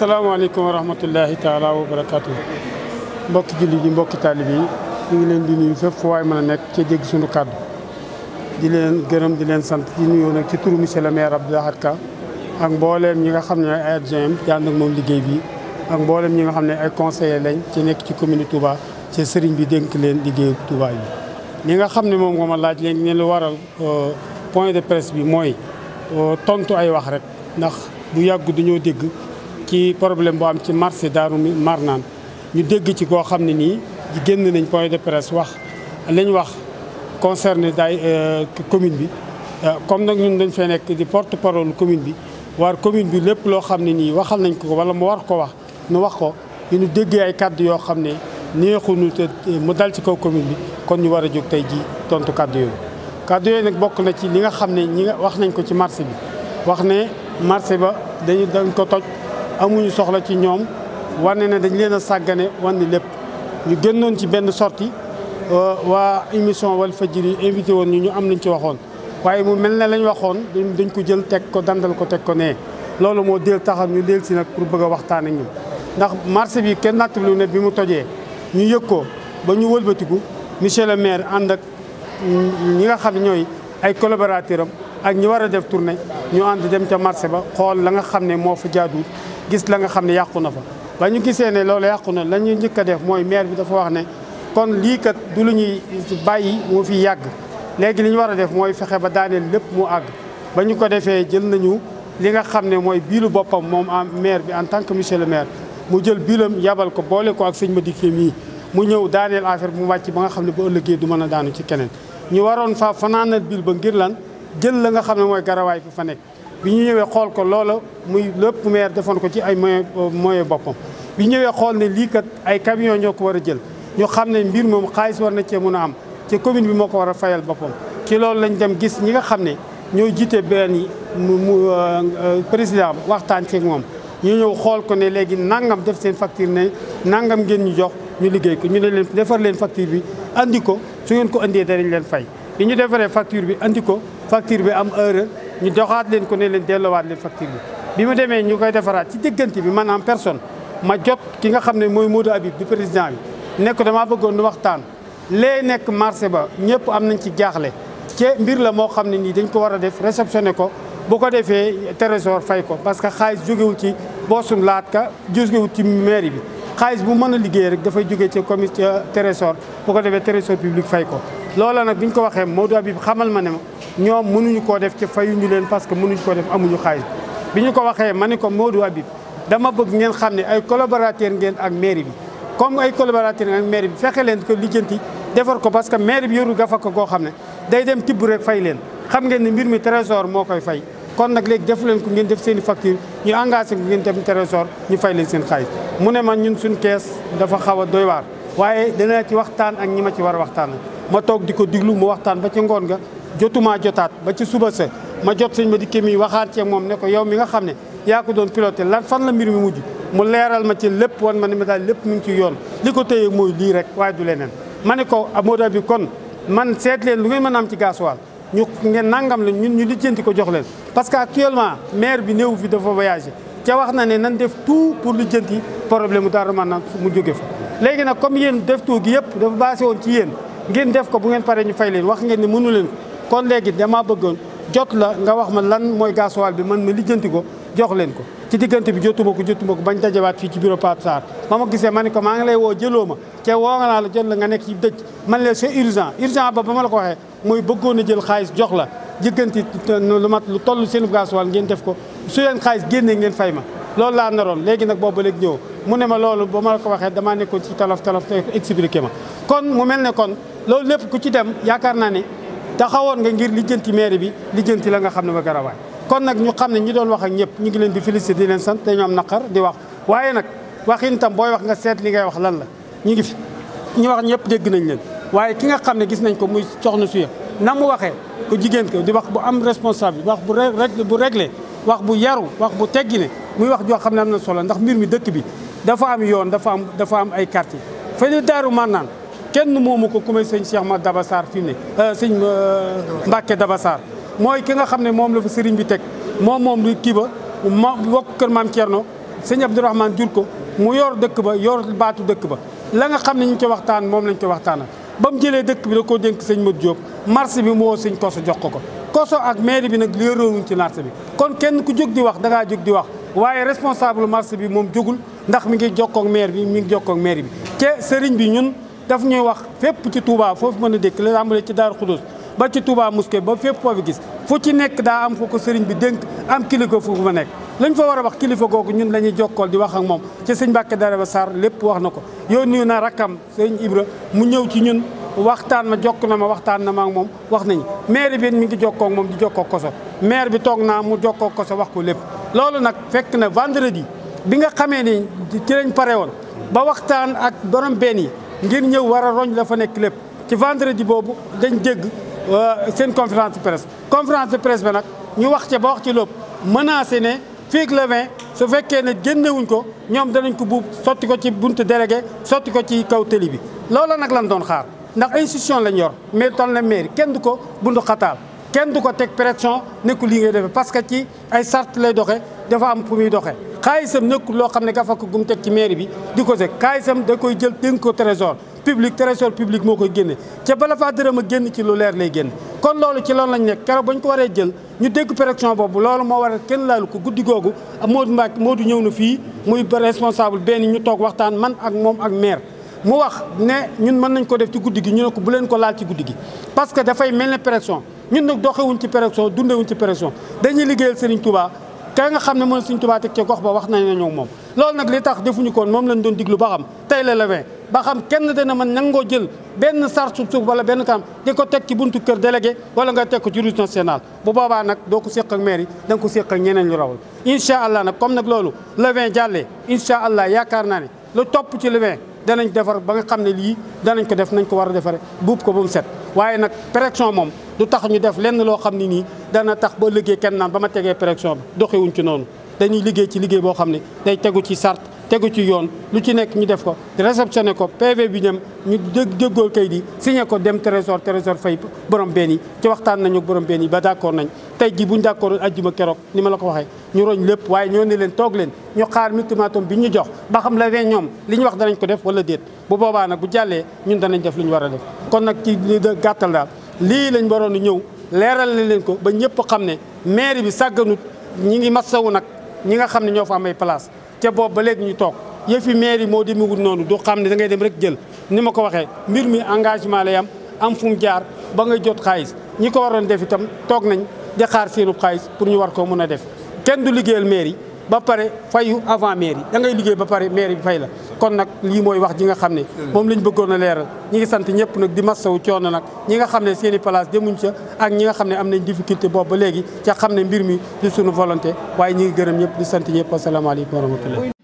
salaamaaleykum wa rahmatullahi taala wa barakaatu mbokki jullit yi mbokki taalib bi ñu ngi leen di nuyu fépp fu a nekk ci jéggi sunu kàddu di leen gërëm di leen sant di nuyoo nag ci turu le maire Abdou ak mbooleem ñi nga xam ne ay adjoint moom liggéey bi ak mbooleem ñi nga xam ne ay conseiller lañ ci nekk ci commune Touba ci sëriñ bi dénk leen liggéeyu Touba bi. li nga xam ne moom nga ma laaj léegi ne lu waral euh, point de presse bi mooy euh, tontu ay wax rek ndax du yàgg du ñoo dégg. ci problème bu am ci marché Daaru Marnaan ñu dégg ci koo xam ne nii génn nañ point de presse wax lañ wax concerné daay euh, commune bi euh, comme nag ñun dañ fee nekk di porte parole commune bi war commune bi lépp loo xam ne nii waxal nañ ko ko wala mu war ko wax nu wax ko yu ñu déggee ay kàddu yoo xam ne neexu neexuñu te mu dal ci kaw commune bi kon ñu war a jóg tey ji tontu kàddu yooyu kàddu yooyu nag bokk na ci li nga xam ne ñi wax nañ ko ci marché bi wax ne amuñu soxla ci ñoom wane ne dañu leen a sàggane wane lépp ñu génnoon ci benn sortie euh, waa émission Walfadjri invité woon ñu ñu am nañ ci waxoon waaye mu mel ne lañ waxoon dañ ko jël teg ko dandal ko teg ko nee loolu moo del taxam ñu del si nag pour bëgg a waxtaan ak ndax marché bi kenn natt lu ne bi mu tojee ñu yëg ko ba ñu wëlbatiku monsieur le maire ànd ak ñi nga xam ñooy ay collaborateur am ak ñi war a def tournée ñu ànd dem ca marché ba xool la nga xam ne moo fa jaaduwul gis la nga xam ne yàqu na fa ba ñu gisee ne loole yàqu na la ñuy njëkk a def mooy maire bi dafa wax ne kon lii kat du lu ñuy bàyyi mu fi yàgg léegi li ñu war a def mooy fexe ba daaneel lépp mu àgg ba ñu ko defee jël nañu li nga xam ne mooy biilu boppam moom en mair bi en tant que mu le maire mu jël biilam yabal ko boole ko ak sëñ ma dikkee mii mu ñëw daaneel affaire bu mu wàcc ba nga xam ne ba ëllëgee du mën a daanu ci keneen ñu waroon fa fanaanal biil ba ngir lan jël la nga xam ne mooy garawaay bi fa nekk bi ñu ñëwee xool ko loola muy lépp maire defoon ko ci ay moyen euh, moyen boppam bi ñu ñëwee xool ne lii kat ay camion ñoo ko war a jël ñu xam ne mbir moom xaalis war na cee mën a am ci commune bi moo ko war a fayal boppam ci loolu lañ dem gis ñi nga xam ne ñoo jiite benn yi mu euh, euh, président waxtaan ci moom ñu ñëw xool ko ne léegi nangam def seen facture ne nangam ngeen ñu jox ñu liggéey ko ñu ne leen defar leen facture bi andi ko su ngeen ko andee danañ leen fay bi bi andi ko facture bi am erreur ñu doxaat leen ko ne leen delloowaat leen facture bi bi mu demee ñu koy defaraat ci diggante bi man en personne ma jot ki nga xam ne mooy Modou Habib di président bi nekk damaa bëggoon nu waxtaan lee nekk marché ba ñëpp am nañ ci jaaxle ci mbir la moo xam ne nii dañ ko war a def réceptionné ko bu ko defee trésor fay ko parce que xaalis jógewul ci boosum laat ka jógewul ci mairie bi xaalis bu mën a liggéey rek dafay jóge ci comité trésor bu ko defee trésor public fay ko loola nag bi ñu ko waxee Maodo Habib xamal ma ne ma ñoom mënuñu koo def ci fayuñu leen parce que mënuñu koo def amuñu xaalis bi ñu ko waxee ma ne ko Maodo Habib dama bëgg ngeen xam ne ay collaborateur ngeen ak mairie bi comme ay collaborateur ngeen ak mairie bi fexe leen ko lijjanti defar ko parce que mairie bi yoru gafa ko koo xam ne day dem tibb rek fay leen xam ngeen ne mbir mi trésor moo koy fay kon nag léegi defu leen ko ngeen def seen i ñu engagé ko ngeen dem trésor ñu fay seen xaalis mu ne man ñun suñ kees dafa xaw a doy waar waaye dana ci waxtaan ak ñi ma ci war a waxtaan ma toog di ko diglu mu waxtaan ba ci ngoon ga jotumaa jotaat ba ci suba sa ma jot sëñ ma dikke mi waxaat cee moom ne ko yow mi nga xam ne yaa ko doon piloté lan fan la mbir mi mujj mu leeral ma ci lépp wan ma ne ma daal lépp mu ngi ci yoon ko téye mooy lii rek waaye du leneen ma ko amoda bi kon man seetleen lu ngeen mën a am ci gasoil ñu ngeen nangam la ñun ñu lijjanti ko jox leen parce que actuellement maire bi néew fi dafa voyagé ca wax na ne nan def tout pour lijjanti problème mu Darou Marnane mu jóge fa léegi nag comme yéen def tout yëpp dafa basé woon ci yéen ngeen def ko bu ngeen paree ñu fay leen wax ngeen ne mënu leen ko kon léegi damaa bëggoon jot la nga wax ma lan mooy gasoil bi man ma lijjanti ko jox leen ko ci diggante bi jotuma ko jotuma ko bañ dajawaat fii ci bureau Pape Sarr ma ma gisee ma ne ko maa ngi lay woo jëloo ma te woo nga naa la jot la nga nekk ci dëj man leen c'est urgent urgent ba ba ma la ko waxee mooy bëggoon a jël xaalis jox la jëgganti lu mat lu toll seen gaasuwaal ngeen def ko su leen xaalis génnee ngeen fay ma loolu laa naroon léegi nag boobu léegi ñëw mu ne ma loolu ba ma la ko waxee damaa nekkoon ci talof talof expliqué ma kon mu mel ne kon loolu lépp ku ci dem yaakaar naa ne taxawoon nga ngir lijjanti maire bi lijjanti la nga xam ne ma garawaay kon nag ñu xam ne ñi doon wax ak ñëpp ñu ngi leen di félicité di leen sant dañoo am naqar di wax waaye nag waxin tam booy wax nga seet li ngay wax lan la ñu ngi fi ñu wax ñëpp dégg nañ leen waaye ki nga xam ne gis nañ ko muy soxna suya na mu waxee ko jigéen ko di wax bu am responsable wax bu bu réglé wax bu yaru wax bu teggine muy wax joo xam ne am na solo ndax mbir mi dëkk bi dafa am yoon dafa am dafa am ay karti fa daaru mannaan kenn moomu ko ku may sëñ Cheikh ma Daba Sarr ne euh, sëñ euh, Mbacke Daba Sarr mooy ki nga xam ne moom la fa sëriñ bi teg moom moom lu kii ba ma wokk kër maam Thierno sëñ Abdourahmane jur ko mu yor dëkk ba yor baatu dëkk ba la nga xam ne ñu ko waxtaan moom lañ ko waxtaanal ba mu jëlee dëkk bi da koo dénk sëñ Modou Diop marché bi moo sëñ Koso jox ko ko Koso ak mairie bi nag léeroowuñ ci marché bi kon kenn ku jóg di wax dangaa jóg di wax waaye responsable marché bi moom jógul ndax mi ngi jokkoo ak maire bi mi ngi jokkoo ak bi te sëriñ bi ñun daf ñuy wax fépp ci tuubaa foofu mën a dékk la tàmbalee ci Daaru Xudus ba ci Touba mosquée ba fépp foo fi gis fu ci nekk daa am fu ko sëriñ bi dénk am kilifa fu ma nekk lañ fa war a wax kilifa googu ñun la ñuy jokkool di wax ak moom ci sëñ Mbàkke ba Sarr lépp wax na ko yónni na rakkam sëñ Ibra mu ñëw ci ñun waxtaan ma jokk na ma waxtaan na ma moom wax nañu maire bi mi ngi jokkoo moom di jokkoo koso mair bi toog naa mu jokkoo koso wax ko lépp loolu nag fekk na vendredi bi nga xamee ni ci lañ pare ba waxtaan ak borom benn yi ngir ñëw war a roñ la fa nekk lépp ci vendredi boobu dañ dégg euh, seen conférence de presse conférence de presse bi nag ñu wax ca ba wax ci lépp menacé ne fii ak su fekkee ne génnewuñ ko ñoom danañ ko buub sotti ko ci buntu délégué sotti ko ci kaw tëli bi. loola nag lan doon xaar ndax institution lañ yor mais toll na mairie kenn du ko bundu xataal. kenn du ko teg pression nekkul li ngay defee parce que ci ay sart lay doxee dafa am fu muy doxee xaalisam nekkul loo xam ne gafa ko gum teg ci mairie bi di ko seg xaalisam da koy jël dénk ko trésor public trésor public moo koy génne ca bala faa dërëm a génn ci lu leer lay génn kon loolu ci loolu lañ nekk keroog bañ ko waree jël ñu dégg pression boobu loolu moo war waral kenn laalu ko guddi googu Modou Mbacke Modou ñëw na fii muy responsable benn ñu toog waxtaan man ak moom ak maire mu wax ne ñun mën nañ ko def ci guddi gi ñu ne ko bu leen ko laal ci guddi parce que dafay mel ne pression ñun nag doxewuñ ci pression dundewuñ ci pression dañuy liggéeyal Serigne Touba ka nga xam ne mooy Serigne Touba teg ca gox ba wax nañ nañoo moom loolu nag li tax defuñu koon moom lañ doon diglu ba xam tey la lewee ba xam kenn dana mën nangoo jël benn sar suuf suuf wala benn kam di ko teg ci buntu kër délégué wala nga teg ko ci route nationale bu boobaa nag doo ko séq ak maire yi ko séq ak ñeneen ñu rawal incha allah nag comme nag loolu lewee jàllee incha allah yaakaar naa ne lu topp ci lewee danañ defar ba xam ne lii danañ ko def nañ ko war a defare buub ko ba mu set waaye nag pression moom du tax ñu def lenn loo xam ne nii dana tax ba liggéey kenn naan ba ma tegee pression bi doxewuñ ci noonu dañuy liggéey ci liggéey boo xam ne day tegu ci sart tegu ci yoon lu ci nekk ñu def ko réceptionné ko PV bi ñam ñu dég déggool kayit yi signé ko dem trésor trésor fay borom benn yi ci waxtaan nañu borom benn yi ba d'accord nañ tey ji buñ d'accord ajjuma keroog ni ma la ko waxee ñu roñ lépp waaye ñoo ne leen toog ñu xaar ultimatum bi ñu jox ba xam la ñoom li ñu wax danañ ko def wala déet bu boobaa nag bu jàllee ñun danañ def lu ñu war a def kon nag ci gàttal daal lii lañ waroon a ñëw leeral leen ko ba ñëpp xam ne maire bi sàgganut ñi ngi massawu nag ñi nga xam ne ñoo fa am place ca boobu ba léegi ñu toog yëfi maire yi moo demewul noonu doo xam ne dangay dem rek jël ni ma ko waxee mbir mi engagement lay am am fu mu jaar ba ngay jot xaalis ñi ko waroon def itam toog nañ di xaar seenub xaalis pour ñu war ko mën a def kenn du liggéeyal maire yi ba pare fayu avant maire yi da ngay liggéey ba pare maire bi fay la kon nag lii mooy wax ji nga xam ne moom lañ bëggoon a leeral ñi ngi sant ñëpp nag di massawu coono nag ñi nga xam ne seeni i place demuñ ca ak ñi nga xam ne am nañ difficulté boobu ba léegi ca xam ne mbir mi di suñu volonté waaye ñi ngi gërëm ñëpp di sant ñëpp asalaamaaleykum wa rahmatullah